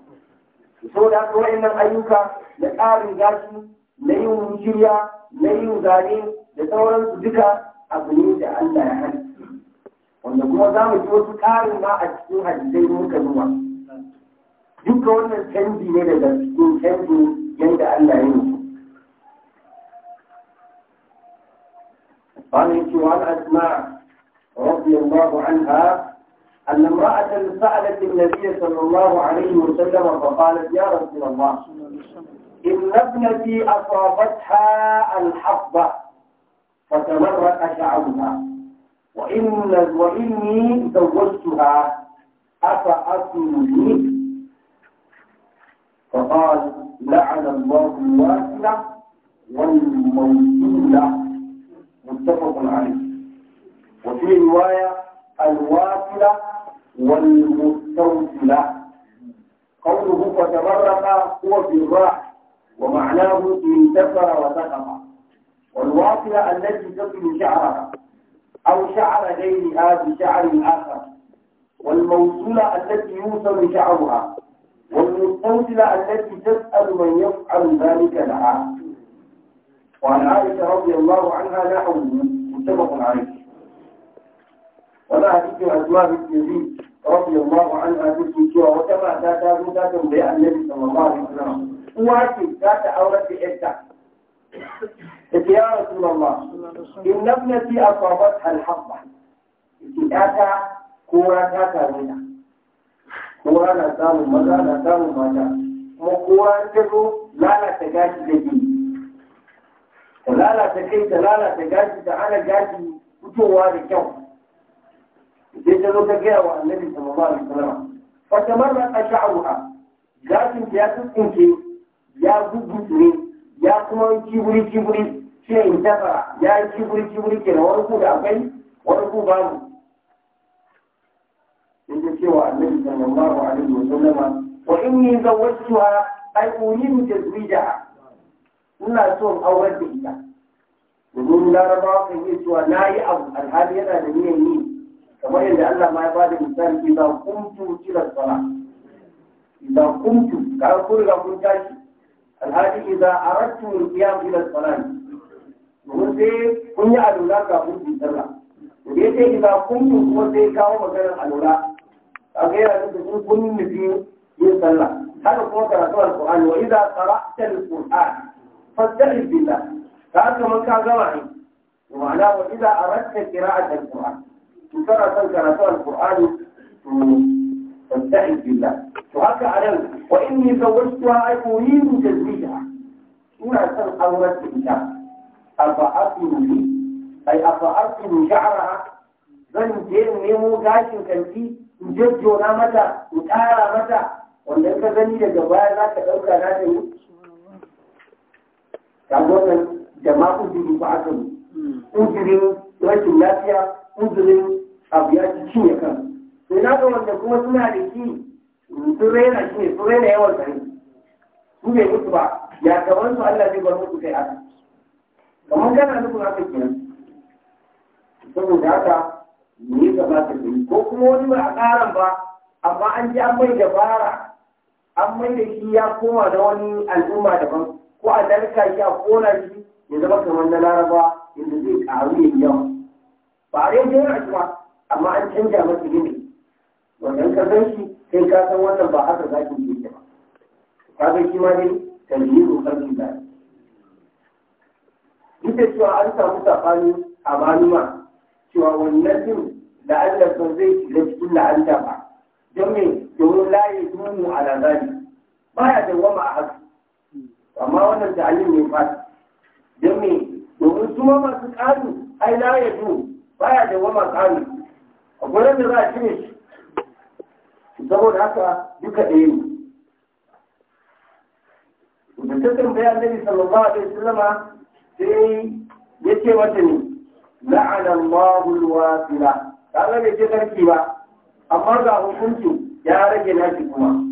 saboda haka wa'annan ayyuka na ƙarin gashi na yin shirya na yin zane da sauransu duka abu ne da Allah ya hana wanda kuma za mu ji wasu ƙarin ma a cikin hadisai muka zuwa duka wannan canji ne daga cikin canji yadda Allah ya yi قال عن أسماء رضي الله عنها أن امرأة سألت النبي صلى الله عليه وسلم فقالت يا رسول الله إن ابنتي أصابتها الحظة فتمرأ شعرها وإن وإني زوجتها أفأصلني فقال لعن الله الواسلة والموصولة متفق عليه وفي رواية الواسلة والمستوصلة قوله فتبرق هو في الراح ومعناه انتفر وسقط والواصلة التي تصل شعرها أو شعر غيرها بشعر آخر والموصولة التي يوصل شعرها والمستوصلة التي تسأل من يفعل ذلك لها وعن عائشة رضي الله عنها نحو متفق عليه ولا حديث أسماء بن يزيد radiyallahu anha take cewa wata mata ta zo ta tambayi annabi sallallahu alaihi wasallam uwa ce za ta aurar da yarta take ya rasulullah inna a asabat al-habba ta kora ta same ta kora na samun maza na samun mata kuma kora ta zo lalata gashi da ke lalata kai ta lalata gashi ana gashi fitowa da kyau sai ta zo ta gaya wa annabi sallallahu alaihi wasallam fa ta sha'ruha gashin ta ya tsinke ya gudu ya kuma kiburi kiburi shi ne intafara ya yi kiburi kiburi kenan wani ku da akwai wani ku babu yake cewa annabi sallallahu alaihi wasallama wa inni zawwajtuha ay uridu tazwijaha ina so in aurar da ita domin larabawa kan yi cewa na yi abu alhali yana da niyan yi kamar yadda Allah ma ya ba da misali idza kuntu ila sala idza kuntu ka kun riga kun tashi alhaji idza aradtu al-qiyam ila sala mun sai kun yi alula kafin ku sallah to dai sai idza kuntu kuma sai kawo alura alula ga yana da kun kun nufi yin sallah haka kuma karatu al-qur'ani wa idza qara'ta al-qur'an fasta'id billah ka kuma ka gama ne ma'ana wa idza aradta qira'ata al-qur'an to kana son karatu alqur'ani to fasta'in billah to haka anan wa inni zawwajtuha ay uridu tazwijaha ina son aurar da ita afa'atu li ay afa'atu sha'raha zan je in nemo gashin kanti in jejjona mata mu ƙara mata wanda ka gani daga baya za ka ɗauka na ta yi hmm. lafiya abu ya ci cinye kan sai na ga wanda kuma suna da shi sun raina shi ne sun raina yawan gari su bai mutu ba ya gaban su Allah zai bar mutu kai aka kamar kana nufin haka kenan saboda haka me ya ba ta yi ko kuma wani ba a ƙaran ba amma an ji an mai dabara an mai da shi ya koma da wani al'umma daban ko a dalka shi a kona shi ya zama kamar na laraba inda zai ƙaru ya yawa ba a rage shi ba amma an canja masa gini wannan ka san shi sai ka san wannan ba haka za ki yi ba ka ga shi ma dai tanzihu kalbi da duk da cewa an samu sabani a maluma cewa wannan din da Allah ba zai shiga cikin la'anta ba don me domin layi dumu ala zali da dawwama a haka amma wannan da alim ne fa don me domin su ma masu kanu ai la ya da baya dawwama ƙaru a gurin da za a cire shi saboda haka duka ɗaya ne da ta tambaya annabi sallallahu alaihi sai ya ce mata ne la'ana Allahu al-wasila kaga ce sarki ba amma ga hukuncin ya rage nashi kuma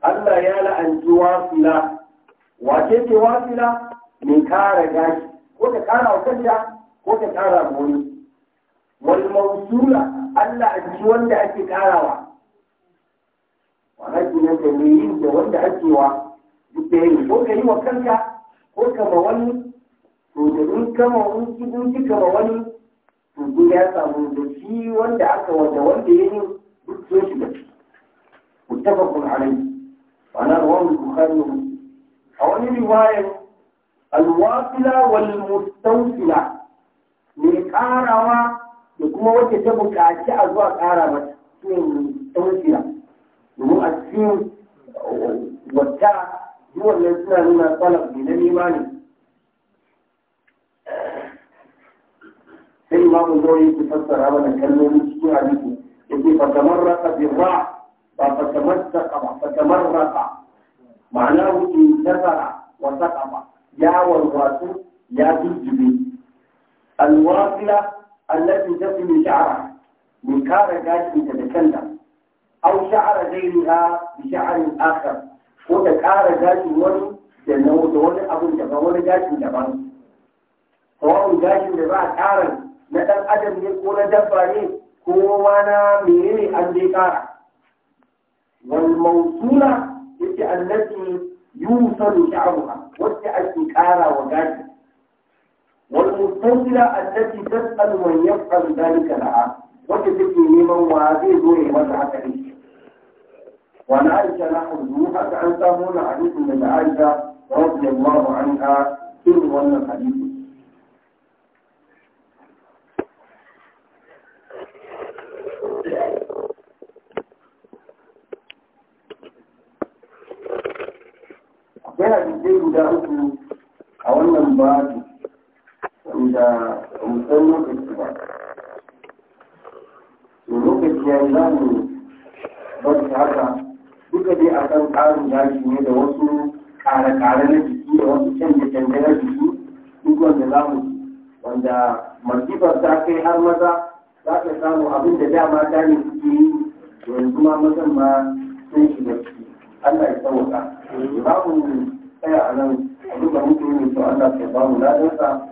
Allah ya la'anci wasila wace ce wasila mai kara gashi ko ta kara wa kanta ko ta kara ga wani wal mawsula Allah ji wanda ake karawa wannan ne da ne da wanda ake wa duk da yi ko ka yi wa kanka ko ka ma wani to da in kama ma wani in ki ka ma wani to duk ya samu da shi wanda aka wa da wanda ya yi duk so shi da muttafaqun kun wa na rawahu al-bukhari a wani riwayar al-wasila wal mustawsila ne karawa da kuma wacce ta buƙaci a zuwa ƙara mata cikin tsamuciya domin a cikin uh, wata duwan nan suna nuna tsalaf ne na nema ne sai mu zoye ku fassara mana kalmomi cikin hadisi yake fatamar raka birra ba fatamar saka ba fatamar raka ma'ana wuce nasara wa saka ba ya warwatsu ya jujjube alwafila التي تسمي شعرها من كار جاش تتكلم أو شعر غيرها بشعر آخر وتكار جاش ولي لأنه تولي أبو جبان ولي جاش جبان سواء جاش جبان كارا نتن أدم يكون دفعني كوانا ميري أنديكارا والموصولة التي يوصل شعرها وتأتي كارا وجاش والمستنزلة التي تسأل من يفعل ذلك لها وتتكي لمن وعدي دوري مزعة وعن عائشة نحن الزوحة عن سامون حديث من عائشة رضي الله عنها في ولنا الحديث Yana da guda uku a wannan babu wanda musan lokaci ba to lokaci ya yi za mu bar haka duka dai a kan ƙarin yaji ne da wasu ƙare-ƙare na jiki da wasu canje-canje na jiki duk wanda za mu wanda masifar ta kai har maza za ka samu abin da dama ta ne suke yi to yanzu ma mazan ma sun shiga ciki Allah ya sauka babu tsaya a nan a duka mutum ne to Allah ya ba mu ladansa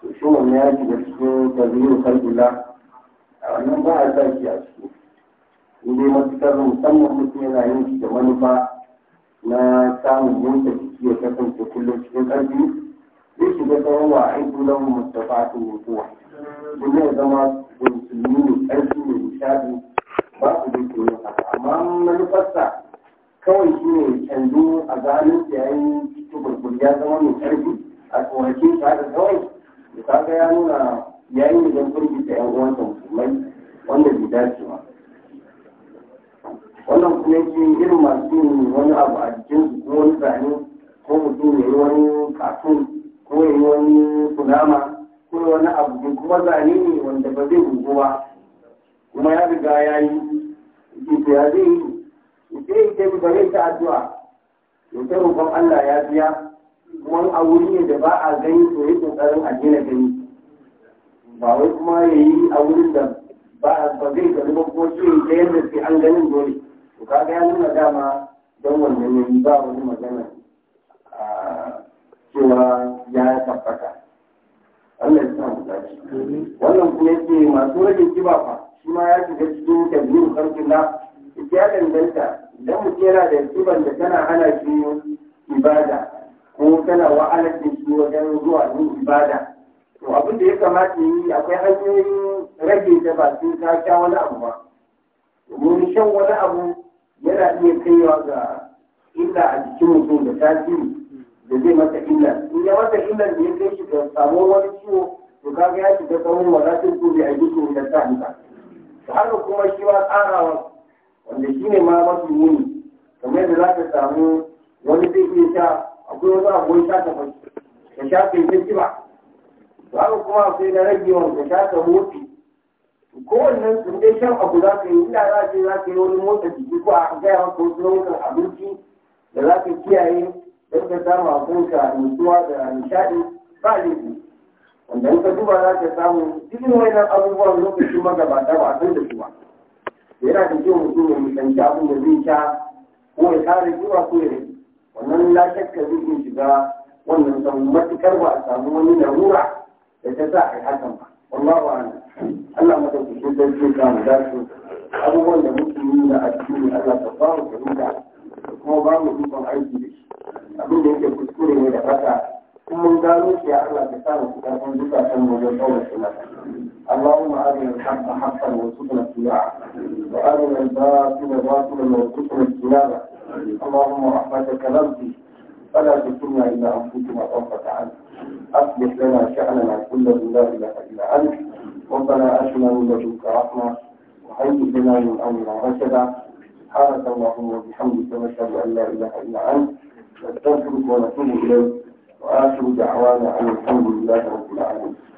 shi wannan ya shiga cikin tabiru kalbula a wannan ba a sa shi a ciki in dai matuƙar musamman mutum yana yin shi da manufa na samun yanke jiki ya kasance kullum cikin karfi, zai shiga tsawon wa a aiki lahu mustafa tun kowa. duk ya zama musulmi ne karfi ne nishaɗi ba su da ke haka amma manufarsa kawai shi ne canzo a ganin yayin cikin ya zama mai karfi? a tsorace shi haka kawai to kaga ya nuna yayin da burgita yan uwan musulmai wanda bai dace ba wannan kuma yake irin masu yin wani abu a jikin ko wani zane ko mutum ya yi wani katun ko ya yi wani kunama ko wani abu da kuma zane ne wanda ba zai gugu ba kuma ya riga ya yi ita ya zai yi ita ita ba zai ta addu'a yau ta roƙon Allah ya biya kuma a wuri ne da ba a gani to yi kokarin a gina gani ba wai kuma ya yi a wurin da ba a zai gani ba ko shi ta yadda sai an ganin dole to kaga ya nuna dama don wannan yayi ba wani magana cewa ya tabbata Allah ya samu dace wannan kuma yake masu rage kiba fa shi ma ya shiga cikin tabbiyar karfin na ya danganta idan mutum yana da kiban da tana hana shi ibada ko tana wa da su wajen zuwa yin ibada to abin da ya kamata yi akwai hanyoyin rage da ba sun ta sha wani abu ba domin shan wani abu yana iya kaiwa ga illa a jikin mutum da tasiri da zai masa illa in ya masa illa da ya kai shi ga samuwar wani ciwo to kaga ya shiga tsawon wadatin ko bai aiki ko da ta hanta haka kuma shi ma tsarawa wanda shi ne ma mafi muni kamar yadda za ka samu wani zai iya sha akwai wasu akwai shata mai da shata ita kiba to haka kuma akwai na rage yawan da shata motsi kowannen su dai shan abu za ka yi inda za ka yi za ka yi wani motsa jiki ko a gaya maka wasu nau'ukan abinci da za ka kiyaye don ka samu abinka nutsuwa da nishaɗi ba laifi wanda in ka duba za ka samu cikin wannan abubuwan lokacin magabata ba a san da su ba yana da kyau mutum ya nisanci abin da zai sha ko ya kare zuwa ko ya rage wannan la shakka zai iya shiga wannan samu matukar ba a samu wani larura da ta sa a yi hakan ba wallahu a'lam Allah madaukakin sarki ka mu dace abubuwan da muke yi na addini Allah ta ba mu fahimta kuma ba mu ikon aiki da shi abin da yake kuskure ne da fata in mun gano shi ya Allah ta sa mu karfin zukatan mu don tsawon sunata اللهم أرنا الحق حقا وارزقنا اتباعه وأرنا الباطل باطلا وارزقنا اجتنابه اللهم رحمتك نرجو فلا تكلنا إلا أنفسنا طرفة عين أصلح لنا شأننا كله لا إله إلا أنت ربنا أشنا من لدنك رحمة وهيئ بنا من أمرنا رشدا سبحانك اللهم وبحمدك نشهد أن لا إله إلا أنت نستغفرك ونتوب إليك وآخر دعوانا أن الحمد لله رب العالمين